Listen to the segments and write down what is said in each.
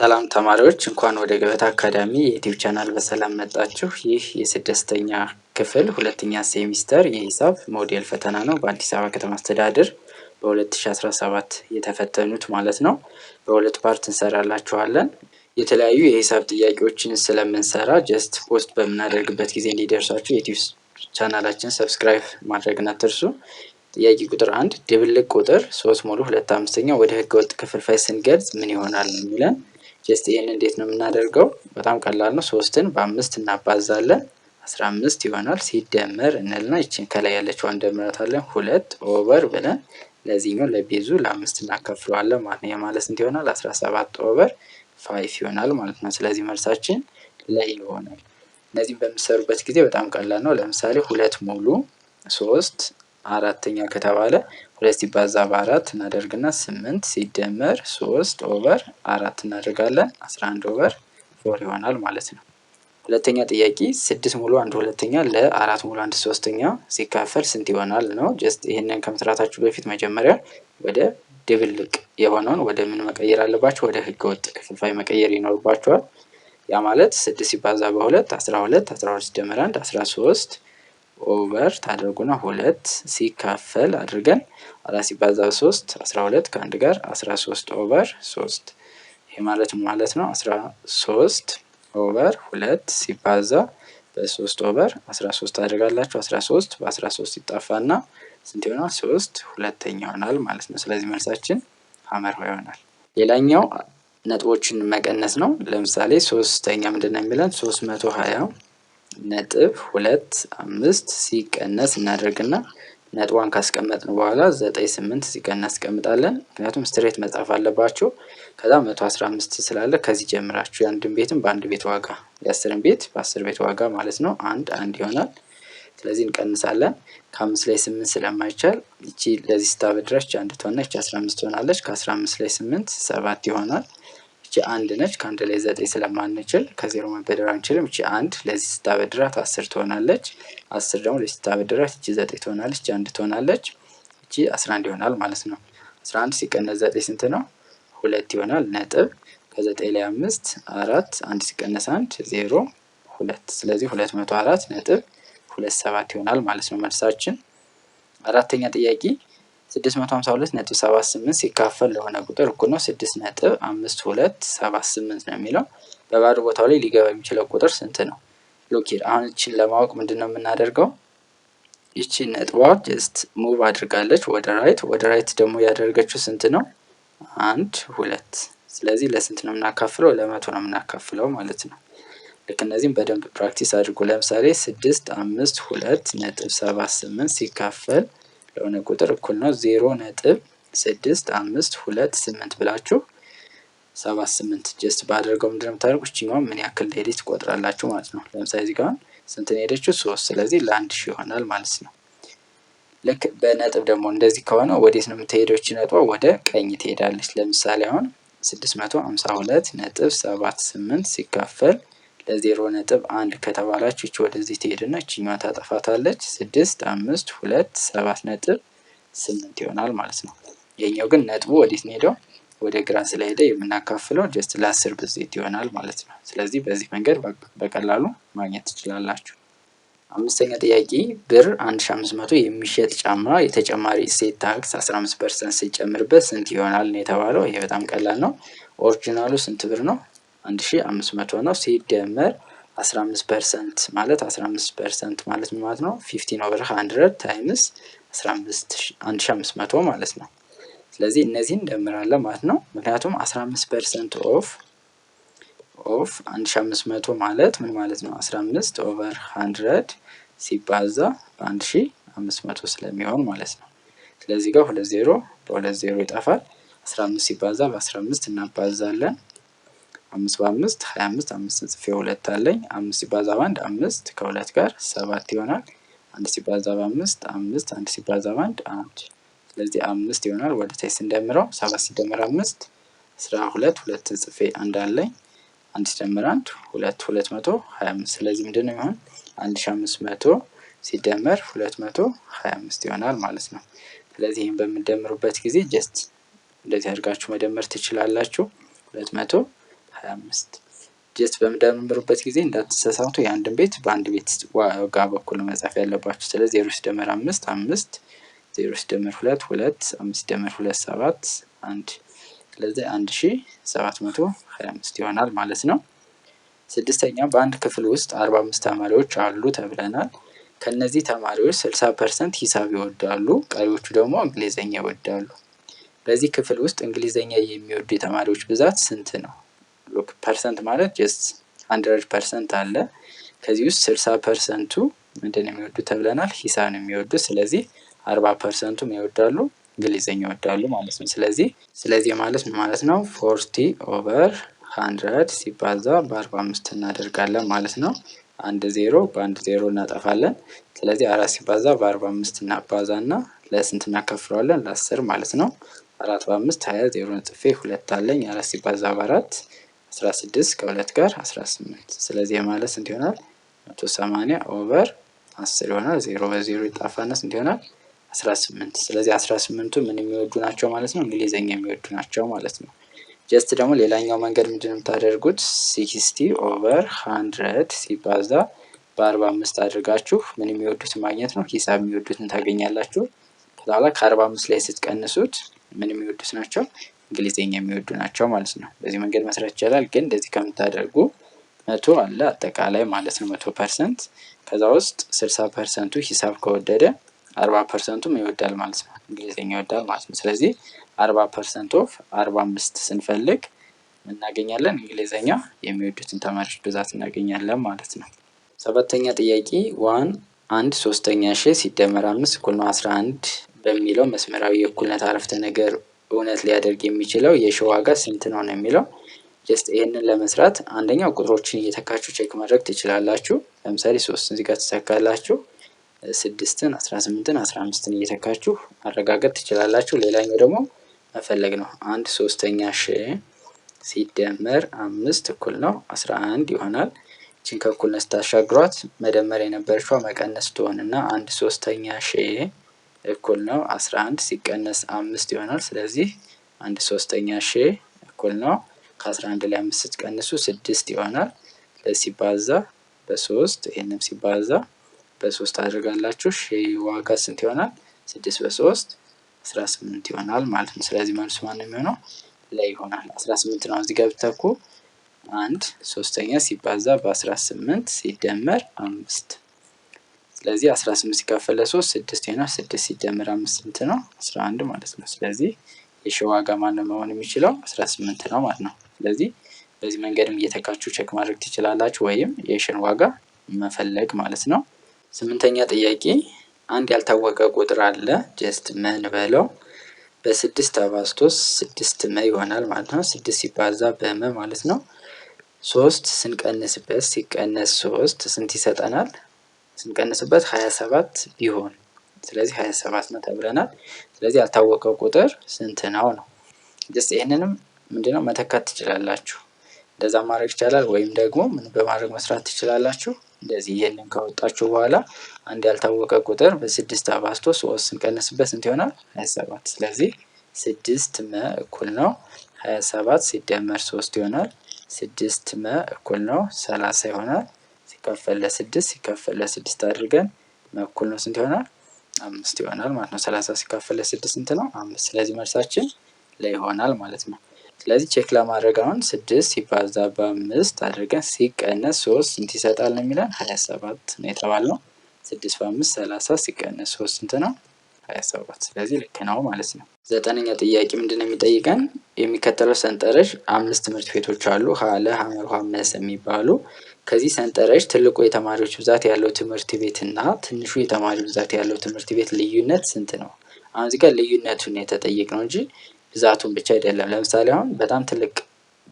ሰላም ተማሪዎች እንኳን ወደ ገበታ አካዳሚ የዩቲዩብ ቻናል በሰላም መጣችሁ። ይህ የስድስተኛ ክፍል ሁለተኛ ሴሚስተር የሂሳብ ሞዴል ፈተና ነው። በአዲስ አበባ ከተማ አስተዳደር በ2017 የተፈተኑት ማለት ነው። በሁለት ፓርት እንሰራላችኋለን። የተለያዩ የሂሳብ ጥያቄዎችን ስለምንሰራ ጀስት ፖስት በምናደርግበት ጊዜ እንዲደርሳችሁ የዩቲዩብ ቻናላችን ሰብስክራይብ ማድረግ አትርሱ። ጥያቄ ቁጥር አንድ ድብልቅ ቁጥር ሶስት ሙሉ ሁለት አምስተኛ ወደ ህገወጥ ክፍልፋይ ስንገልጽ ምን ይሆናል የሚለን ጀስት ይህን እንዴት ነው የምናደርገው? በጣም ቀላል ነው። ሶስትን በአምስት እናባዛለን አስራ አምስት ይሆናል። ሲደመር እንልና ይችን ከላይ ያለችው እንደምራታለን ሁለት ኦቨር ብለን ለዚህኛው ለቤዙ ለአምስት እናከፍለዋለን ማለት ነው። የማለት ስንት ይሆናል? አስራ ሰባት ኦቨር ፋይፍ ይሆናል ማለት ነው። ስለዚህ መልሳችን ላይ ይሆናል። እነዚህም በምሰሩበት ጊዜ በጣም ቀላል ነው። ለምሳሌ ሁለት ሙሉ ሶስት አራተኛ ከተባለ ሁለት ሲባዛ በአራት እናደርግና ስምንት ሲደመር ሶስት ኦቨር አራት እናደርጋለን አስራ አንድ ኦቨር ፎር ይሆናል ማለት ነው። ሁለተኛ ጥያቄ ስድስት ሙሉ አንድ ሁለተኛ ለአራት ሙሉ አንድ ሶስተኛ ሲካፈል ስንት ይሆናል ነው። ጀስት ይህንን ከመስራታችሁ በፊት መጀመሪያ ወደ ድብልቅ የሆነውን ወደ ምን መቀየር አለባቸው? ወደ ህገወጥ ክፍልፋይ መቀየር ይኖርባቸዋል። ያ ማለት ስድስት ሲባዛ በሁለት አስራ ሁለት አስራ ሁለት ሲደመር አንድ አስራ ሶስት ኦቨር ታደርጉና ሁለት ሲካፈል አድርገን አራት ሲባዛ ሶስት አስራ ሁለት ከአንድ ጋር አስራ ሶስት ኦቨር ሶስት ይሄ ማለት ማለት ነው አስራ ሶስት ኦቨር ሁለት ሲባዛ በሶስት ኦቨር አስራ ሶስት ታደርጋላችሁ አስራ ሶስት በአስራ ሶስት ይጣፋና ስንት ይሆናል? ሶስት ሁለተኛ ይሆናል ማለት ነው። ስለዚህ መልሳችን ሀመር ሆ ይሆናል። ሌላኛው ነጥቦችን መቀነስ ነው። ለምሳሌ ሶስተኛ ምንድን ነው የሚለን ሶስት መቶ ሀያ ነጥብ ሁለት አምስት ሲቀነስ እናደርግና ነጥቧን ካስቀመጥን በኋላ ዘጠኝ ስምንት ሲቀነስ እናስቀምጣለን። ምክንያቱም ስትሬት መጻፍ አለባቸው። ከዛ መቶ አስራ አምስት ስላለ ከዚህ ጀምራችሁ የአንድን ቤትም በአንድ ቤት ዋጋ የአስርን ቤት በአስር ቤት ዋጋ ማለት ነው አንድ አንድ ይሆናል። ስለዚህ እንቀንሳለን። ከአምስት ላይ ስምንት ስለማይቻል ይቺ ለዚህ ስታበድራች አንድ ትሆና ይቺ አስራ አምስት ትሆናለች። ከአስራ አምስት ላይ ስምንት ሰባት ይሆናል። እቺ አንድ ነች። ከአንድ ላይ ዘጠኝ ስለማንችል ከዜሮ መበደር አንችልም። እቺ አንድ ለዚህ ስታበድራት አስር ትሆናለች። አስር ደግሞ ለዚህ ስታበድራት እቺ ዘጠኝ ትሆናለች። እቺ አንድ ትሆናለች። እቺ አስራ አንድ ይሆናል ማለት ነው። አስራ አንድ ሲቀነስ ዘጠኝ ስንት ነው? ሁለት ይሆናል። ነጥብ ከዘጠኝ ላይ አምስት አራት፣ አንድ ሲቀነስ አንድ ዜሮ ሁለት። ስለዚህ ሁለት መቶ አራት ነጥብ ሁለት ሰባት ይሆናል ማለት ነው መልሳችን። አራተኛ ጥያቄ 652.78 ሲካፈል ለሆነ ቁጥር እኩል ነው 6.5278 ነው የሚለው። በባዶ ቦታው ላይ ሊገባ የሚችለው ቁጥር ስንት ነው? ሎኬድ አሁን እችን ለማወቅ ምንድን ነው የምናደርገው? ይቺ ነጥቧ ጀስት ሙቭ አድርጋለች ወደ ራይት። ወደ ራይት ደግሞ ያደረገችው ስንት ነው? አንድ ሁለት። ስለዚህ ለስንት ነው የምናካፍለው? ለመቶ ነው የምናካፍለው ማለት ነው። ልክ እነዚህም በደንብ ፕራክቲስ አድርጉ። ለምሳሌ ስድስት አምስት ሁለት ነጥብ ሰባት ስምንት ሲካፈል ለሆነ ቁጥር እኩል ነው ዜሮ ነጥብ ስድስት አምስት ሁለት ስምንት ብላችሁ ሰባት ስምንት ጀስት ባደርገው ምንድን ነው የምታደርጉ ምን ያክል ሄደች ትቆጥራላችሁ ማለት ነው። ለምሳሌ እዚህ ጋር ስንትን ሄደችው ሶስት ስለዚህ ለአንድ ሺ ይሆናል ማለት ነው። ልክ በነጥብ ደግሞ እንደዚህ ከሆነ ወዴት ነው የምትሄደው? እቺ ነጥቧ ወደ ቀኝ ትሄዳለች። ለምሳሌ አሁን ስድስት መቶ ሀምሳ ሁለት ነጥብ ሰባት ስምንት ሲካፈል ዜሮ ነጥብ አንድ ከተባላች እች ወደዚህ ትሄድና ይችኛዋ ታጠፋታለች። ስድስት አምስት ሁለት ሰባት ነጥብ ስምንት ይሆናል ማለት ነው። ይሄኛው ግን ነጥቡ ወዴት ነው ሄደው ወደ ግራ ስለሄደ የምናካፍለው ጀስት ለአስር ብዜት ይሆናል ማለት ነው። ስለዚህ በዚህ መንገድ በቀላሉ ማግኘት ትችላላችሁ። አምስተኛ ጥያቄ ብር 1500 የሚሸጥ ጫማ የተጨማሪ እሴት ታክስ 15 ፐርሰንት ሲጨምርበት ስንት ይሆናል ነው የተባለው። ይሄ በጣም ቀላል ነው። ኦሪጂናሉ ስንት ብር ነው? 1500 ነው ሲደመር 15 ፐርሰንት ማለት 15 ፐርሰንት ማለት ማለት ነው 15 ኦቨር 100 ታይምስ 1500 ማለት ነው። ስለዚህ እነዚህን እንደምራለን ማለት ነው። ምክንያቱም 15 ፐርሰንት ኦፍ ኦፍ 1500 ማለት ምን ማለት ነው? 15 ኦቨር 100 ሲባዛ በ1500 ስለሚሆን ማለት ነው። ስለዚህ ጋር ሁለት ዜሮ በሁለት ዜሮ ይጠፋል። 15 ሲባዛ በ15 እናባዛለን አምስት በአምስት ሀያ አምስት አምስት ጽፌ ሁለት አለኝ። አምስት ሲባዛ በአንድ አምስት ከሁለት ጋር ሰባት ይሆናል። አንድ ሲባዛ በአምስት አምስት አንድ ሲባዛ በአንድ አንድ ስለዚህ አምስት ይሆናል። ወደ ታች ስንደምረው ሰባት ሲደምር አምስት አስራ ሁለት ሁለት ጽፌ አንድ አለኝ። አንድ ሲደምር አንድ ሁለት ሁለት መቶ ሀያ አምስት ስለዚህ ምንድን ነው ይሆን አንድ ሺ አምስት መቶ ሲደመር ሁለት መቶ ሀያ አምስት ይሆናል ማለት ነው። ስለዚህ ይህን በምደምሩበት ጊዜ ጀስት እንደዚህ አድርጋችሁ መደመር ትችላላችሁ ሁለት መቶ ሀያ አምስት ጀት በምደመርበት ጊዜ እንዳትሳሳቱ የአንድን ቤት በአንድ ቤት ዋጋ በኩል መጻፍ ያለባችሁ። ስለዚህ ዜሮ ሲደመር አምስት አምስት፣ ዜሮ ሲደመር ሁለት ሁለት፣ አምስት ሲደመር ሁለት ሰባት፣ አንድ። ስለዚህ አንድ ሺ ሰባት መቶ ሀያ አምስት ይሆናል ማለት ነው። ስድስተኛ በአንድ ክፍል ውስጥ አርባ አምስት ተማሪዎች አሉ ተብለናል። ከእነዚህ ተማሪዎች ስልሳ ፐርሰንት ሂሳብ ይወዳሉ፣ ቀሪዎቹ ደግሞ እንግሊዝኛ ይወዳሉ። በዚህ ክፍል ውስጥ እንግሊዝኛ የሚወዱ የተማሪዎች ብዛት ስንት ነው? ሎክ ፐርሰንት ማለት ጀስት ሀንድረድ ፐርሰንት አለ። ከዚህ ውስጥ ስልሳ ፐርሰንቱ ምንድን የሚወዱ ተብለናል? ነው የሚወዱ ስለዚህ አርባ ፐርሰንቱም ይወዳሉ እንግሊዝኛ ይወዳሉ ማለት ነው። ስለዚህ ስለዚህ ማለት ማለት ነው ፎርቲ ኦቨር ሀንድረድ ሲባዛ በአርባ አምስት እናደርጋለን ማለት ነው። አንድ ዜሮ በአንድ ዜሮ እናጠፋለን። ስለዚህ አራት ሲባዛ በአርባ አምስት እናባዛ እና ለስንት እናከፍለዋለን? ለአስር ማለት ነው። አራት በአምስት ሀያ ዜሮ ጽፌ ሁለት አለኝ። አራት ሲባዛ በአራት 16 ከሁለት ጋር 18 ስለዚህ ማለት ስንት ይሆናል? 180 ኦቨር 10 ይሆናል። 0 በ0 ይጣፋና ስንት ይሆናል? 18 ስለዚህ 18ቱ ምን የሚወዱ ናቸው ማለት ነው? እንግሊዘኛ የሚወዱ ናቸው ማለት ነው። ጀስት ደግሞ ሌላኛው መንገድ ምንድን ነው የምታደርጉት? 60 ኦቨር 100 ሲባዛ በአርባ አምስት አድርጋችሁ ምን የሚወዱት ማግኘት ነው ሂሳብ የሚወዱትን ታገኛላችሁ። ከኋላ ከአርባ አምስት ላይ ስትቀንሱት ምን የሚወዱት ናቸው እንግሊዝኛ የሚወዱ ናቸው ማለት ነው። በዚህ መንገድ መስራት ይቻላል። ግን እንደዚህ ከምታደርጉ መቶ አለ አጠቃላይ ማለት ነው መቶ ፐርሰንት ከዛ ውስጥ ስልሳ ፐርሰንቱ ሂሳብ ከወደደ አርባ ፐርሰንቱም ይወዳል ማለት ነው። እንግሊዝኛ ይወዳል ማለት ነው። ስለዚህ አርባ ፐርሰንት ኦፍ አርባ አምስት ስንፈልግ እናገኛለን እንግሊዝኛ የሚወዱትን ተማሪዎች ብዛት እናገኛለን ማለት ነው። ሰባተኛ ጥያቄ ዋን አንድ ሶስተኛ ሺ ሲደመር አምስት እኩል ነው አስራ አንድ በሚለው መስመራዊ የእኩልነት አረፍተ ነገር እውነት ሊያደርግ የሚችለው የሺ ዋጋ ስንት ነው ነው የሚለው ጀስት ይህንን ለመስራት አንደኛው ቁጥሮችን እየተካችሁ ቼክ ማድረግ ትችላላችሁ። ለምሳሌ ሶስትን ዚጋ ትሰካላችሁ ትተካላችሁ። ስድስትን፣ አስራ ስምንትን፣ አስራ አምስትን እየተካችሁ ማረጋገጥ ትችላላችሁ። ሌላኛው ደግሞ መፈለግ ነው። አንድ ሶስተኛ ሺ ሲደመር አምስት እኩል ነው አስራ አንድ ይሆናል። ይችን ከእኩልነት ስታሻግሯት መደመር የነበረችዋ መቀነስ ትሆንና አንድ ሶስተኛ ሺ እኩል ነው 11 ሲቀነስ አምስት ይሆናል። ስለዚህ አንድ ሶስተኛ ሺ እኩል ነው ከ11 ላይ አምስት ስትቀንሱ ስድስት ይሆናል። ሲባዛ በሶስት ይህንም ሲባዛ በሶስት አድርጋላችሁ ሺ ዋጋ ስንት ይሆናል? ስድስት በሶስት 18 ይሆናል ማለት ነው። ስለዚህ መልሱ ማነው የሚሆነው? ላይ ይሆናል 18 ነው። እዚህ ጋር ብታኩ አንድ ሶስተኛ ሲባዛ በ18 ሲደመር አምስት ስለዚህ 18 ሲካፈል ለ3 ስድስት ይሆናል። ስድስት ሲደምር አምስት ስንት ነው? 11 ማለት ነው። ስለዚህ የሸ ዋጋ ማነው መሆን የሚችለው 18 ነው ማለት ነው። ስለዚህ በዚህ መንገድም እየተካችሁ ቼክ ማድረግ ትችላላችሁ፣ ወይም የሽን ዋጋ መፈለግ ማለት ነው። ስምንተኛ ጥያቄ አንድ ያልታወቀ ቁጥር አለ። ጀስት መን በለው በስድስት አባዝቶ ስድስት መ ይሆናል ማለት ነው። ስድስት ሲባዛ በመ ማለት ነው። ሶስት ስንቀንስበት ሲቀነስ ሶስት ስንት ይሰጠናል? ስንቀንስበት 27 ቢሆን ስለዚህ 27 ነው ተብለናል። ስለዚህ ያልታወቀው ቁጥር ስንት ነው ነው። ጀስት ይህንንም ምንድነው መተካት ትችላላችሁ። እንደዛ ማድረግ ይቻላል። ወይም ደግሞ ምን በማድረግ መስራት ትችላላችሁ። እንደዚህ ይህንን ካወጣችሁ በኋላ አንድ ያልታወቀ ቁጥር በስድስት አባስቶ ሶስት ስንቀንስበት ስንት ይሆናል? 27 ስለዚህ ስድስት መ እኩል ነው 27 ሲደመር ሶስት ይሆናል። ስድስት መ እኩል ነው ሰላሳ ይሆናል። ሲከፈል ለስድስት ሲከፈል ለስድስት አድርገን መኩል ነው ስንት ይሆናል? አምስት ይሆናል ማለት ነው። ሰላሳ ሲከፈል ለስድስት ስንት ነው? አምስት። ስለዚህ መልሳችን ላይ ይሆናል ማለት ነው። ስለዚህ ቼክ ለማድረግ አሁን ስድስት ሲባዛ በአምስት አድርገን ሲቀነስ ሶስት ስንት ይሰጣል ነው የሚለን ሀያ ሰባት ነው የተባለው። ስድስት በአምስት ሰላሳ ሲቀነስ ሶስት ስንት ነው? ሀያ ሰባት ስለዚህ ልክ ነው ማለት ነው። ዘጠነኛ ጥያቄ ምንድን ነው የሚጠይቀን? የሚከተለው ሰንጠረዥ አምስት ትምህርት ቤቶች አሉ ሀለ ሀመር ሀመስ የሚባሉ ከዚህ ሰንጠረዥ ትልቁ የተማሪዎች ብዛት ያለው ትምህርት ቤት እና ትንሹ የተማሪ ብዛት ያለው ትምህርት ቤት ልዩነት ስንት ነው? አሁን እዚህ ጋር ልዩነቱን የተጠየቅ ነው እንጂ ብዛቱን ብቻ አይደለም። ለምሳሌ አሁን በጣም ትልቅ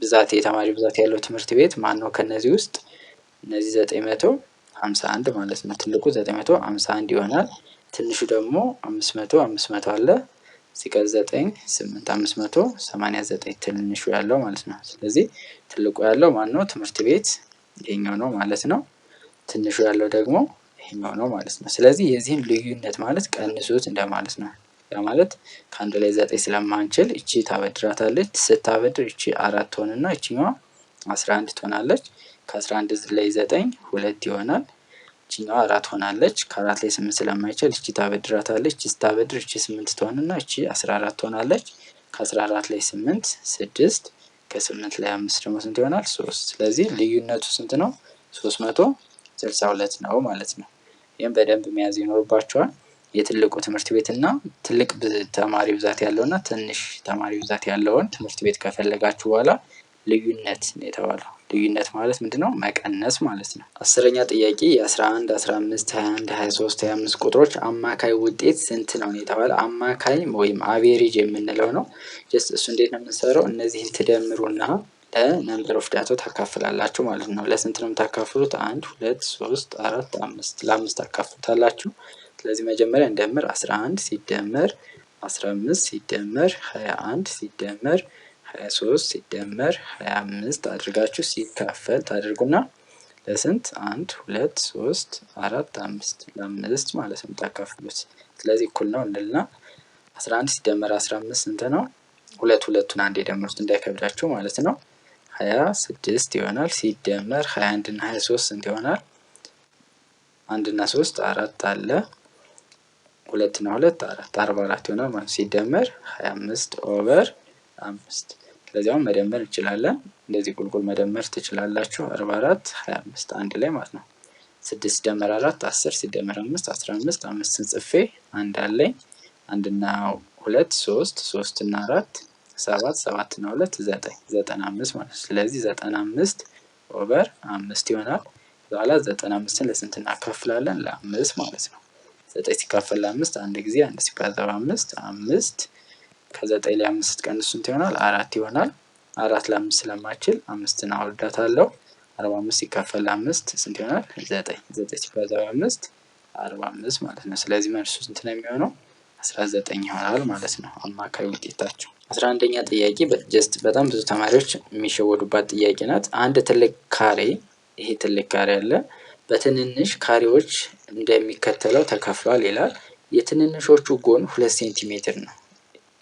ብዛት የተማሪ ብዛት ያለው ትምህርት ቤት ማን ነው? ከነዚህ ውስጥ እነዚህ ዘጠኝ መቶ ሀምሳ አንድ ማለት ነው። ትልቁ ዘጠኝ መቶ ሀምሳ አንድ ይሆናል። ትንሹ ደግሞ አምስት መቶ አምስት መቶ አለ እዚህ ዘጠኝ ስምንት አምስት መቶ ሰማኒያ ዘጠኝ ትንሹ ያለው ማለት ነው። ስለዚህ ትልቁ ያለው ማን ነው? ትምህርት ቤት ይሄኛው ነው ማለት ነው። ትንሹ ያለው ደግሞ ይሄኛው ነው ማለት ነው። ስለዚህ የዚህም ልዩነት ማለት ቀንሱት እንደማለት ነው። ያ ማለት ከአንድ ላይ ዘጠኝ ስለማንችል እቺ ታበድራታለች። ስታበድር እቺ አራት ትሆንና እችኛዋ አስራ አንድ ትሆናለች። ከአስራ አንድ ላይ ዘጠኝ ሁለት ይሆናል። እችኛዋ አራት ሆናለች። ከአራት ላይ ስምንት ስለማይችል እቺ ታበድራታለች። እቺ ስታበድር እቺ ስምንት ትሆንና እቺ አስራ አራት ትሆናለች። ከአስራ አራት ላይ ስምንት ስድስት ከስምንት ላይ አምስት ደግሞ ስንት ይሆናል? ሶስት። ስለዚህ ልዩነቱ ስንት ነው? ሶስት መቶ ስልሳ ሁለት ነው ማለት ነው። ይህም በደንብ መያዝ ይኖርባቸዋል። የትልቁ ትምህርት ቤት እና ትልቅ ተማሪ ብዛት ያለው እና ትንሽ ተማሪ ብዛት ያለውን ትምህርት ቤት ከፈለጋችሁ በኋላ ልዩነት ነው የተባለው። ልዩነት ማለት ምንድን ነው? መቀነስ ማለት ነው። አስረኛ ጥያቄ የ11፣ 15፣ 21፣ 23፣ 25 ቁጥሮች አማካይ ውጤት ስንት ነው የተባለ አማካይ ወይም አቬሬጅ የምንለው ነው። ጀስት እሱ እንዴት ነው የምንሰራው? እነዚህን ትደምሩና ለነምበር ኦፍ ዳቶ ታካፍላላችሁ ማለት ነው። ለስንት ነው የምታካፍሉት? አንድ፣ ሁለት፣ ሶስት፣ አራት፣ አምስት። ለአምስት ታካፍሉታላችሁ። ስለዚህ መጀመሪያ እንደምር 11 ሲደመር 15 ሲደመር 21 ሲደመር 23 ሲደመር 25 አድርጋችሁ ሲካፈል ታደርጉና ለስንት አንድ ሁለት ሶስት አራት አምስት ለአምስት ማለት ነው ታካፍሉት። ስለዚህ እኩል ነው እንልና 11 ሲደመር 15 ስንት ነው? ሁለት ሁለቱን አንድ የደምሩት እንዳይከብዳችሁ ማለት ነው። 26 ይሆናል ሲደመር 21 እና 23 ስንት ይሆናል? አንድ እና 3 አራት አለ ሁለት እና ሁለት አራት 44 ይሆናል ማለት ሲደመር 25 ኦቨር አምስት ስለዚህ አሁን መደመር እንችላለን። እንደዚህ ቁልቁል መደመር ትችላላችሁ። አርባ አራት ሀያ አምስት አንድ ላይ ማለት ነው። ስድስት ሲደመር አራት አስር ሲደመር አምስት አስራ አምስት አምስትን ጽፌ አንድ አለኝ። አንድና ሁለት ሶስት ሶስትና አራት ሰባት ሰባትና ሁለት ዘጠኝ ዘጠና አምስት ማለት ስለዚህ ዘጠና አምስት ኦቨር አምስት ይሆናል። በኋላ ዘጠና አምስትን ለስንት እናካፍላለን? ለአምስት ማለት ነው። ዘጠኝ ሲካፈል ለአምስት አንድ ጊዜ፣ አንድ ሲባዛ አምስት አምስት ከዘጠኝ ላይ አምስት ቀን ስንት ይሆናል? አራት ይሆናል። አራት ለአምስት ስለማችል አምስትን አወርዳታለሁ። አርባ አምስት ሲካፈል ለአምስት ስንት ይሆናል? ዘጠኝ ዘጠኝ ሲባዛ በአምስት አርባ አምስት ማለት ነው። ስለዚህ መልሱ ስንት ነው የሚሆነው? አስራ ዘጠኝ ይሆናል ማለት ነው። አማካይ ውጤታቸው አስራ አንደኛ ጥያቄ ጀስት በጣም ብዙ ተማሪዎች የሚሸወዱባት ጥያቄ ናት። አንድ ትልቅ ካሬ ይሄ ትልቅ ካሬ አለ በትንንሽ ካሬዎች እንደሚከተለው ተከፍሏል ይላል። የትንንሾቹ ጎን ሁለት ሴንቲሜትር ነው።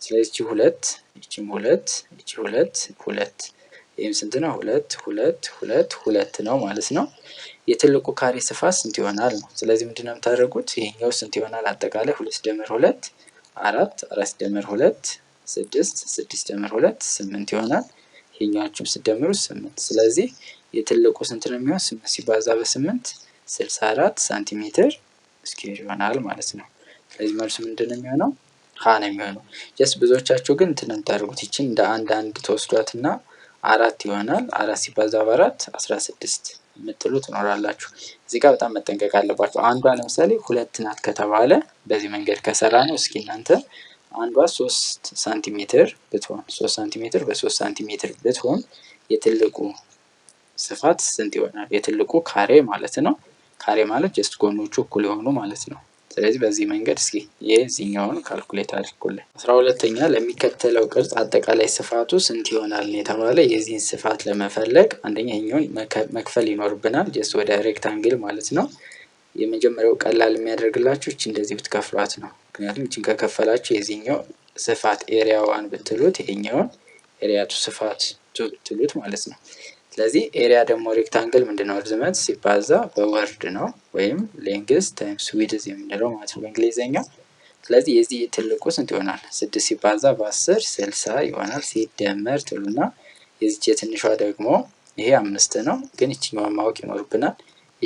ስለዚህ ሁለት ይቺም ሁለት ይቺ ሁለት ሁለት ይህም ስንት ነው? ሁለት ሁለት ሁለት ሁለት ነው ማለት ነው። የትልቁ ካሬ ስፋት ስንት ይሆናል ነው። ስለዚህ ነው የምታደርጉት? ይሄኛው ስንት ይሆናል? አጠቃላይ ሁለት ደምር ሁለት አራት አራት ደምር ሁለት ስድስት ስድስት ደምር ሁለት ስምንት ይሆናል። ይሄኛዎቹም ስደምሩ ስምንት። ስለዚህ የትልቁ ስንት ነው የሚሆን? ስምንት ሲባዛ በስምንት ስልሳ አራት ሳንቲሜትር ስኩዌር ይሆናል ማለት ነው። ስለዚህ መልሱ ምንድን ነው የሚሆነው? ሀ ነው የሚሆነው። ጀስ ብዙዎቻችሁ ግን እንትን ታደርጉት ይችን እንደ አንድ አንድ ተወስዷት እና አራት ይሆናል። አራት ሲባዛ በአራት አስራ ስድስት የምትሉ ትኖራላችሁ። እዚህ ጋር በጣም መጠንቀቅ አለባችሁ። አንዷ ለምሳሌ ሁለት ናት ከተባለ በዚህ መንገድ ከሰራ ነው። እስኪ እናንተ አንዷ ሶስት ሳንቲሜትር ብትሆን ሶስት ሳንቲሜትር በሶስት ሳንቲሜትር ብትሆን የትልቁ ስፋት ስንት ይሆናል? የትልቁ ካሬ ማለት ነው። ካሬ ማለት ጀስት ጎኖቹ እኩል የሆኑ ማለት ነው። ስለዚህ በዚህ መንገድ እስኪ የዚህኛውን ካልኩሌት አድርጎልን አስራ ሁለተኛ ለሚከተለው ቅርጽ አጠቃላይ ስፋቱ ስንት ይሆናል የተባለ የዚህን ስፋት ለመፈለግ አንደኛ ኛውን መክፈል ይኖርብናል። ጀስ ወደ ሬክታንግል ማለት ነው። የመጀመሪያው ቀላል የሚያደርግላችሁ እች እንደዚህ ብትከፍሏት ነው። ምክንያቱም እችን ከከፈላችሁ የዚህኛው ስፋት ኤሪያዋን ብትሉት ይሄኛውን ኤሪያቱ ስፋት ብትሉት ማለት ነው። ስለዚህ ኤሪያ ደግሞ ሬክታንግል ምንድነው ርዝመት ሲባዛ በወርድ ነው ወይም ሌንግስ ታይምስ ዊድዝ የምንለው ማለት ነው በእንግሊዝኛ። ስለዚህ የዚህ ትልቁ ስንት ይሆናል? ስድስት ሲባዛ በአስር ስልሳ ይሆናል ሲደመር ትሉና የዚች የትንሿ ደግሞ ይሄ አምስት ነው፣ ግን ይችኛዋን ማወቅ ይኖርብናል።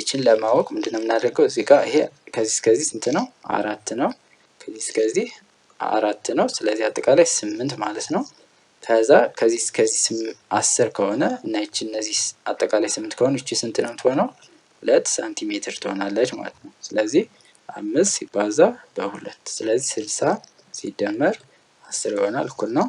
ይችን ለማወቅ ምንድነው የምናደርገው? እዚህ ጋር ይሄ ከዚህ እስከዚህ ስንት ነው? አራት ነው። ከዚህ እስከዚህ አራት ነው። ስለዚህ አጠቃላይ ስምንት ማለት ነው። ከዛ ከዚህ እስከዚህ አስር ከሆነ እና ይቺ እነዚህ አጠቃላይ ስምንት ከሆኑ ይቺ ስንት ነው የምትሆነው? ሁለት ሳንቲሜትር ትሆናለች ማለት ነው። ስለዚህ አምስት ሲባዛ በሁለት ስለዚህ ስልሳ ሲደመር አስር ይሆናል እኩል ነው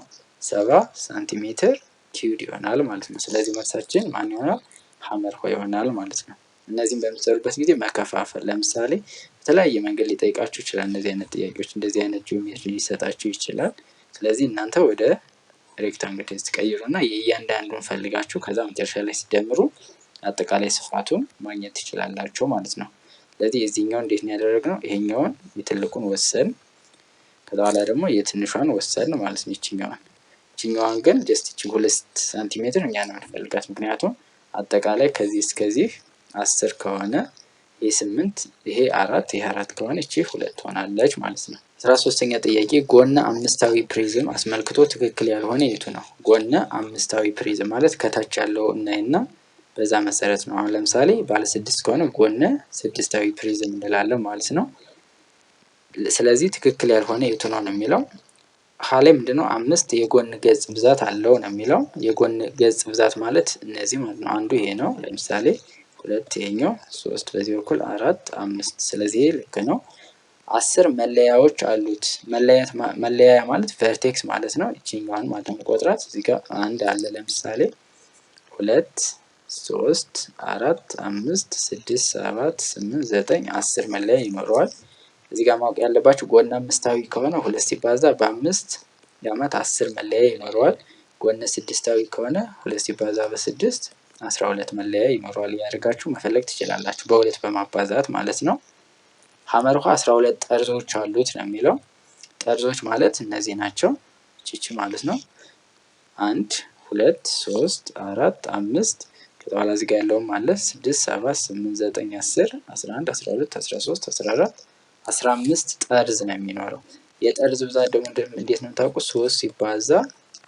ሰባ ሳንቲሜትር ኪዩድ ይሆናል ማለት ነው። ስለዚህ መልሳችን ማን ይሆናል? ሀመር ይሆናል ማለት ነው። እነዚህም በምትሰሩበት ጊዜ መከፋፈል ለምሳሌ በተለያየ መንገድ ሊጠይቃችሁ ይችላል። እነዚህ አይነት ጥያቄዎች እንደዚህ አይነት ጂኦሜትሪ ሊሰጣችሁ ይችላል። ስለዚህ እናንተ ወደ ሬክታንግል ቴስት ቀይሩ እና የእያንዳንዱን ፈልጋችሁ ከዛ መጨረሻ ላይ ሲደምሩ አጠቃላይ ስፋቱን ማግኘት ትችላላችሁ ማለት ነው። ስለዚህ የዚህኛውን እንዴት ነው ያደረግነው? ይሄኛውን የትልቁን ወሰን ከዛ በኋላ ደግሞ የትንሿን ወሰን ማለት ነው። ይችኛዋን ይችኛዋን ግን ጀስት ይቺ ሁለት ሳንቲሜትር እኛ ነው የምንፈልጋት። ምክንያቱም አጠቃላይ ከዚህ እስከዚህ አስር ከሆነ ይሄ ስምንት ይሄ አራት ይሄ አራት ከሆነ ይቺ ሁለት ሆናለች ማለት ነው። አስራ ሶስተኛ ጥያቄ ጎነ አምስታዊ ፕሪዝም አስመልክቶ ትክክል ያልሆነ የቱ ነው? ጎነ አምስታዊ ፕሪዝም ማለት ከታች ያለው እናይና በዛ መሰረት ነው። አሁን ለምሳሌ ባለ ስድስት ከሆነ ጎነ ስድስታዊ ፕሪዝም እንላለን ማለት ነው። ስለዚህ ትክክል ያልሆነ የቱ ነው ነው የሚለው ሀላይ ላይ ምንድነው አምስት የጎን ገጽ ብዛት አለው ነው የሚለው። የጎን ገጽ ብዛት ማለት እነዚህ ማለት ነው። አንዱ ይሄ ነው። ለምሳሌ ሁለት፣ ይሄኛው ሶስት፣ በዚህ በኩል አራት፣ አምስት። ስለዚህ ልክ ነው። አስር መለያዎች አሉት። መለያ ማለት ቨርቴክስ ማለት ነው። ይችኛዋን ማለት ነው ቆጥራት እዚህ ጋር አንድ አለ ለምሳሌ ሁለት ሶስት አራት አምስት ስድስት ሰባት ስምንት ዘጠኝ አስር መለያ ይኖረዋል። እዚህ ጋር ማወቅ ያለባችሁ ጎን አምስታዊ ከሆነ ሁለት ሲባዛ በአምስት የአመት አስር መለያ ይኖረዋል። ጎነ ስድስታዊ ከሆነ ሁለት ሲባዛ በስድስት አስራ ሁለት መለያ ይኖረዋል። እያደርጋችሁ መፈለግ ትችላላችሁ በሁለት በማባዛት ማለት ነው። ሀመር ውሃ አስራ ሁለት ጠርዞች አሉት ነው የሚለው። ጠርዞች ማለት እነዚህ ናቸው። ቺቺ ማለት ነው። አንድ ሁለት ሶስት አራት አምስት ከኋላ እዚህ ያለውም አለ ስድስት ሰባት ስምንት ዘጠኝ አስር አስራ አንድ አስራ ሁለት አስራ ሶስት አስራ አራት አስራ አምስት ጠርዝ ነው የሚኖረው። የጠርዝ ብዛት ደግሞ እንዴት ነው የምታውቁት? ሶስት ሲባዛ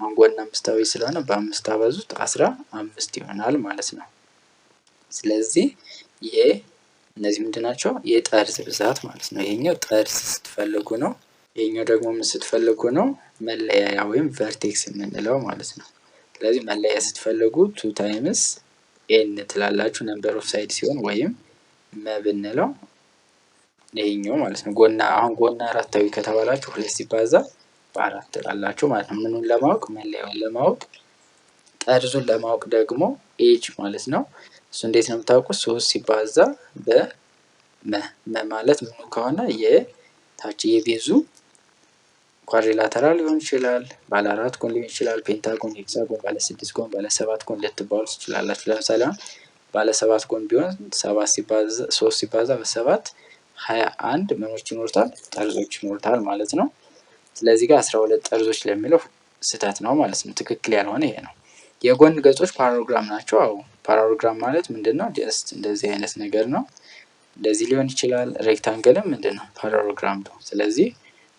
አንጎና አምስታዊ ስለሆነ በአምስት አበዙት አስራ አምስት ይሆናል ማለት ነው። ስለዚህ ይሄ እነዚህ ምንድን ናቸው? የጠርዝ ብዛት ማለት ነው። ይሄኛው ጠርዝ ስትፈልጉ ነው። ይሄኛው ደግሞ ምን ስትፈልጉ ነው? መለያያ ወይም ቨርቴክስ የምንለው ማለት ነው። ስለዚህ መለያ ስትፈልጉ ቱ ታይምስ ኤን ትላላችሁ ነምበር ኦፍ ሳይድ ሲሆን ወይም መብንለው ይሄኛው ማለት ነው። ጎና አሁን ጎና አራታዊ ከተባላችሁ ሁለት ሲባዛ በአራት ትላላችሁ ማለት ነው። ምኑን ለማወቅ መለያውን ለማወቅ ጠርዙን ለማወቅ ደግሞ ኤጅ ማለት ነው። እሱ እንዴት ነው የምታውቁት? ሶስት ሲባዛ በመ መ ማለት ምኑ ከሆነ የታች የቤዙ ኳድሪላተራል ሊሆን ይችላል፣ ባለ አራት ጎን ሊሆን ይችላል፣ ፔንታጎን፣ ሄክሳጎን፣ ባለ ስድስት ጎን፣ ባለ ሰባት ጎን ልትባሉ ትችላላችሁ። ለምሳሌ አሁን ባለ ሰባት ጎን ቢሆን ሰባት ሲባዛ ሶስት ሲባዛ በሰባት ሀያ አንድ ምኖች ይኖሩታል ጠርዞች ይኖርታል ማለት ነው። ስለዚህ ጋር አስራ ሁለት ጠርዞች ለሚለው ስህተት ነው ማለት ነው። ትክክል ያልሆነ ይሄ ነው። የጎን ገጾች ፓሮግራም ናቸው። አዎ ፓራሎግራም ማለት ምንድን ነው? ጀስት እንደዚህ አይነት ነገር ነው። እንደዚህ ሊሆን ይችላል። ሬክታንግልም ምንድን ነው? ፓራሎግራም ነው። ስለዚህ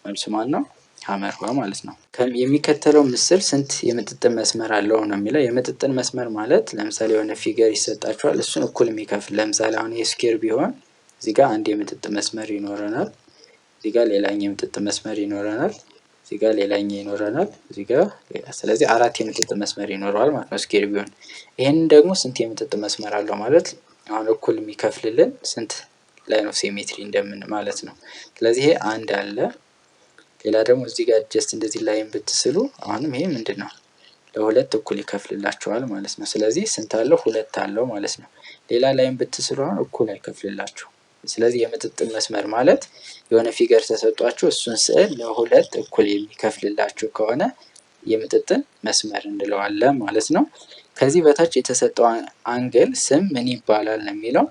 መልሱ ማን ነው? ሀመር ማለት ነው። የሚከተለው ምስል ስንት የምጥጥን መስመር አለው ነው የሚለው። የምጥጥን መስመር ማለት ለምሳሌ የሆነ ፊገር ይሰጣቸዋል እሱን እኩል የሚከፍል ለምሳሌ አሁን የስኬር ቢሆን እዚጋ አንድ የምጥጥ መስመር ይኖረናል፣ እዚጋ ሌላኝ የምጥጥ መስመር ይኖረናል። እዚህ ጋር ሌላኛ ይኖረናል። እዚህ ጋር ስለዚህ አራት የምጥጥ መስመር ይኖረዋል ማለት ነው ስኬር ቢሆን። ይህንን ደግሞ ስንት የምጥጥ መስመር አለው ማለት አሁን እኩል የሚከፍልልን ስንት ላይን ኦፍ ሲሜትሪ እንደምን ማለት ነው። ስለዚህ ይሄ አንድ አለ። ሌላ ደግሞ እዚህ ጋር ጀስት እንደዚህ ላይን ብትስሉ አሁንም ይሄ ምንድን ነው ለሁለት እኩል ይከፍልላቸዋል ማለት ነው። ስለዚህ ስንት አለው? ሁለት አለው ማለት ነው። ሌላ ላይን ብትስሉ አሁን እኩል አይከፍልላችሁ ስለዚህ የምጥጥን መስመር ማለት የሆነ ፊገር ተሰጧችሁ እሱን ስዕል ለሁለት እኩል የሚከፍልላችሁ ከሆነ የምጥጥን መስመር እንለዋለን ማለት ነው። ከዚህ በታች የተሰጠው አንግል ስም ምን ይባላል የሚለው።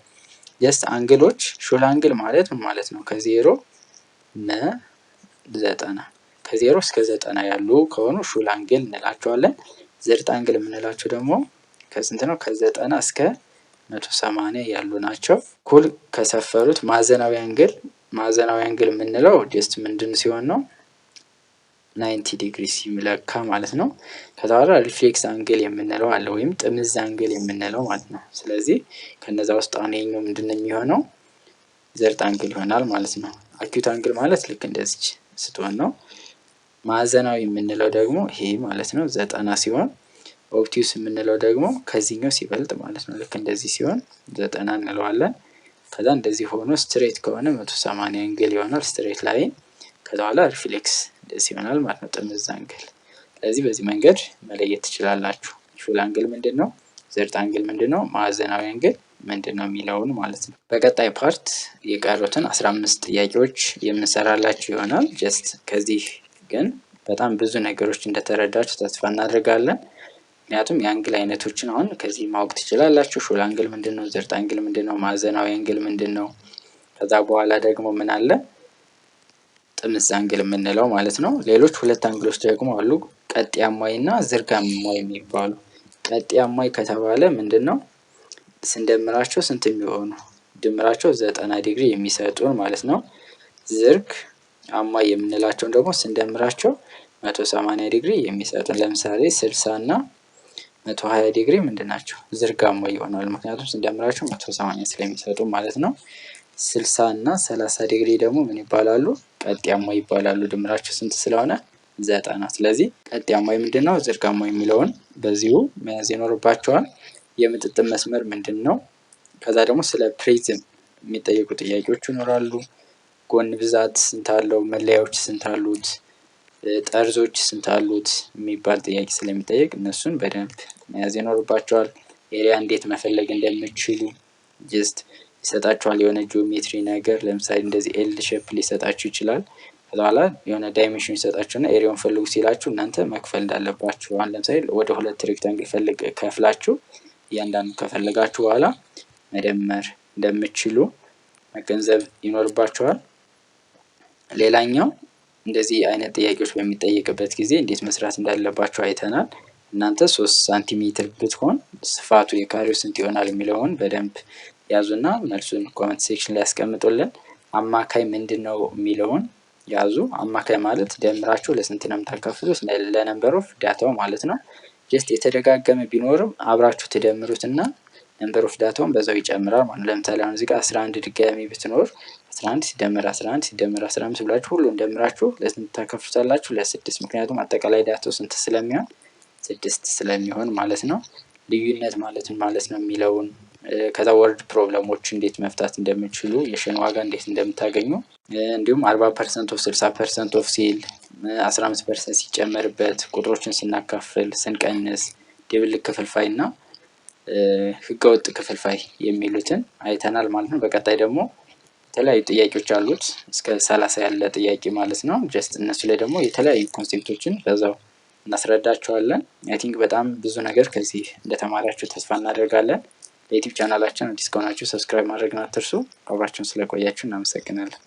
የስ አንግሎች ሹል አንግል ማለት ምን ማለት ነው? ከዜሮ ነ ዘጠና ከዜሮ እስከ ዘጠና ያሉ ከሆኑ ሹል አንግል እንላቸዋለን። ዝርጥ አንግል የምንላቸው ደግሞ ከስንት ነው? ከዘጠና እስከ መቶ ሰማኒያ ያሉ ናቸው። ኩል ከሰፈሩት ማዕዘናዊ አንግል ማዕዘናዊ አንግል የምንለው ጀስት ምንድን ሲሆን ነው ናይንቲ ዲግሪ ሲለካ ማለት ነው። ከዛ በኋላ ሪፍሌክስ አንግል የምንለው አለ ወይም ጥምዝ አንግል የምንለው ማለት ነው። ስለዚህ ከነዛ ውስጥ አንደኛው ምንድን ነው የሚሆነው ዘርጥ አንግል ይሆናል ማለት ነው። አኪዩት አንግል ማለት ልክ እንደዚች ስትሆን ነው። ማዕዘናዊ የምንለው ደግሞ ይሄ ማለት ነው ዘጠና ሲሆን ኦብቲዩስ የምንለው ደግሞ ከዚህኛው ሲበልጥ ማለት ነው። ልክ እንደዚህ ሲሆን ዘጠና እንለዋለን። ከዛ እንደዚህ ሆኖ ስትሬት ከሆነ መቶ ሰማንያ አንግል ይሆናል ስትሬት ላይን። ከዛ በኋላ ሪፍሌክስ እንደዚህ ይሆናል ማለት ነው፣ ጥምዝ አንግል። ስለዚህ በዚህ መንገድ መለየት ትችላላችሁ። ሹል አንግል ምንድን ነው፣ ዝርጥ አንግል ምንድን ነው፣ ማዕዘናዊ አንግል ምንድን ነው የሚለውን ማለት ነው። በቀጣይ ፓርት የቀሩትን አስራ አምስት ጥያቄዎች የምንሰራላችሁ ይሆናል። ጀስት ከዚህ ግን በጣም ብዙ ነገሮች እንደተረዳችሁ ተስፋ እናደርጋለን። ምክንያቱም የአንግል አይነቶችን አሁን ከዚህ ማወቅ ትችላላችሁ። ሹል አንግል ምንድን ነው? ዝርጥ አንግል ምንድን ነው? ማዕዘናዊ አንግል ምንድን ነው? ከዛ በኋላ ደግሞ ምን አለ? ጥምዝ አንግል የምንለው ማለት ነው። ሌሎች ሁለት አንግሎች ደግሞ አሉ፣ ቀጥያማይ እና ዝርጋማይ የሚባሉ። ቀጥያማይ ከተባለ ምንድን ነው? ስንደምራቸው ስንት የሚሆኑ ድምራቸው ዘጠና ዲግሪ የሚሰጡን ማለት ነው። ዝርግ አማይ የምንላቸውን ደግሞ ስንደምራቸው መቶ ሰማንያ ዲግሪ የሚሰጡን ለምሳሌ ስልሳ እና መቶ ሀያ ዲግሪ ምንድን ናቸው ዝርጋማ ይሆናል። ምክንያቱም ስንደምራቸው መቶ ሰማንያ ስለሚሰጡ ማለት ነው። ስልሳ እና ሰላሳ ዲግሪ ደግሞ ምን ይባላሉ? ቀጥያማ ይባላሉ። ድምራቸው ስንት ስለሆነ ዘጠና። ስለዚህ ቀጥያማ ምንድን ነው? ዝርጋማ የሚለውን በዚሁ መያዝ ይኖርባቸዋል። የምጥጥም መስመር ምንድን ነው? ከዛ ደግሞ ስለ ፕሪዝም የሚጠየቁ ጥያቄዎች ይኖራሉ። ጎን ብዛት ስንት አለው? መለያዎች ስንት አሉት? ጠርዞች ስንት አሉት የሚባል ጥያቄ ስለሚጠየቅ እነሱን በደንብ መያዝ ይኖርባቸዋል። ኤሪያ እንዴት መፈለግ እንደምችሉ ጅስት ይሰጣቸዋል። የሆነ ጂኦሜትሪ ነገር ለምሳሌ እንደዚህ ኤል ሼፕ ሊሰጣችሁ ይችላል። በኋላ የሆነ ዳይሜንሽን ይሰጣችሁና ኤሪያውን ፈልጉ ሲላችሁ እናንተ መክፈል እንዳለባችሁ አሁን ለምሳሌ ወደ ሁለት ሬክታንግል ፈልግ ከፍላችሁ እያንዳንዱ ከፈለጋችሁ በኋላ መደመር እንደምችሉ መገንዘብ ይኖርባችኋል። ሌላኛው እንደዚህ አይነት ጥያቄዎች በሚጠየቅበት ጊዜ እንዴት መስራት እንዳለባቸው አይተናል። እናንተ ሶስት ሳንቲሜትር ብትሆን ስፋቱ የካሬው ስንት ይሆናል የሚለውን በደንብ ያዙና መልሱን ኮመንት ሴክሽን ላይ ያስቀምጡልን። አማካይ ምንድን ነው የሚለውን ያዙ። አማካይ ማለት ደምራችሁ ለስንት ነው የምታካፍሉት ለነምበር ኦፍ ዳታው ማለት ነው። ጀስት የተደጋገመ ቢኖርም አብራችሁ ትደምሩትና ነምበር ኦፍ ዳታውን በዛው ይጨምራል ማለት ለምሳሌ አሁን እዚህ ጋር 11 ድጋሚ ብትኖር 11 ሲደመር 11 ሲደመር 15 ብላችሁ ሁሉን ደምራችሁ ለስንት ታከፍሉታላችሁ? ለስድስት ምክንያቱም አጠቃላይ ዳቶ ስንት ስለሚሆን ስድስት ስለሚሆን ማለት ነው። ልዩነት ማለትን ማለት ነው የሚለውን ከዛ ወርድ ፕሮብለሞች እንዴት መፍታት እንደምችሉ የሸን ዋጋ እንዴት እንደምታገኙ እንዲሁም አርባ ፐርሰንት ኦፍ ስልሳ ፐርሰንት ኦፍ ሲል አስራ አምስት ፐርሰንት ሲጨመርበት ቁጥሮችን ስናካፍል ስንቀንስ ድብልቅ ክፍልፋይ እና ህገወጥ ክፍልፋይ የሚሉትን አይተናል ማለት ነው። በቀጣይ ደግሞ የተለያዩ ጥያቄዎች አሉት እስከ ሰላሳ ያለ ጥያቄ ማለት ነው። ጀስት እነሱ ላይ ደግሞ የተለያዩ ኮንሴፕቶችን በዛው እናስረዳቸዋለን። አይ ቲንክ በጣም ብዙ ነገር ከዚህ እንደተማራችሁ ተስፋ እናደርጋለን። ለዩቲዩብ ቻናላችን አዲስ ከሆናችሁ ሰብስክራይብ ማድረግን አትርሱ። አብራችሁን ስለቆያችሁ እናመሰግናለን።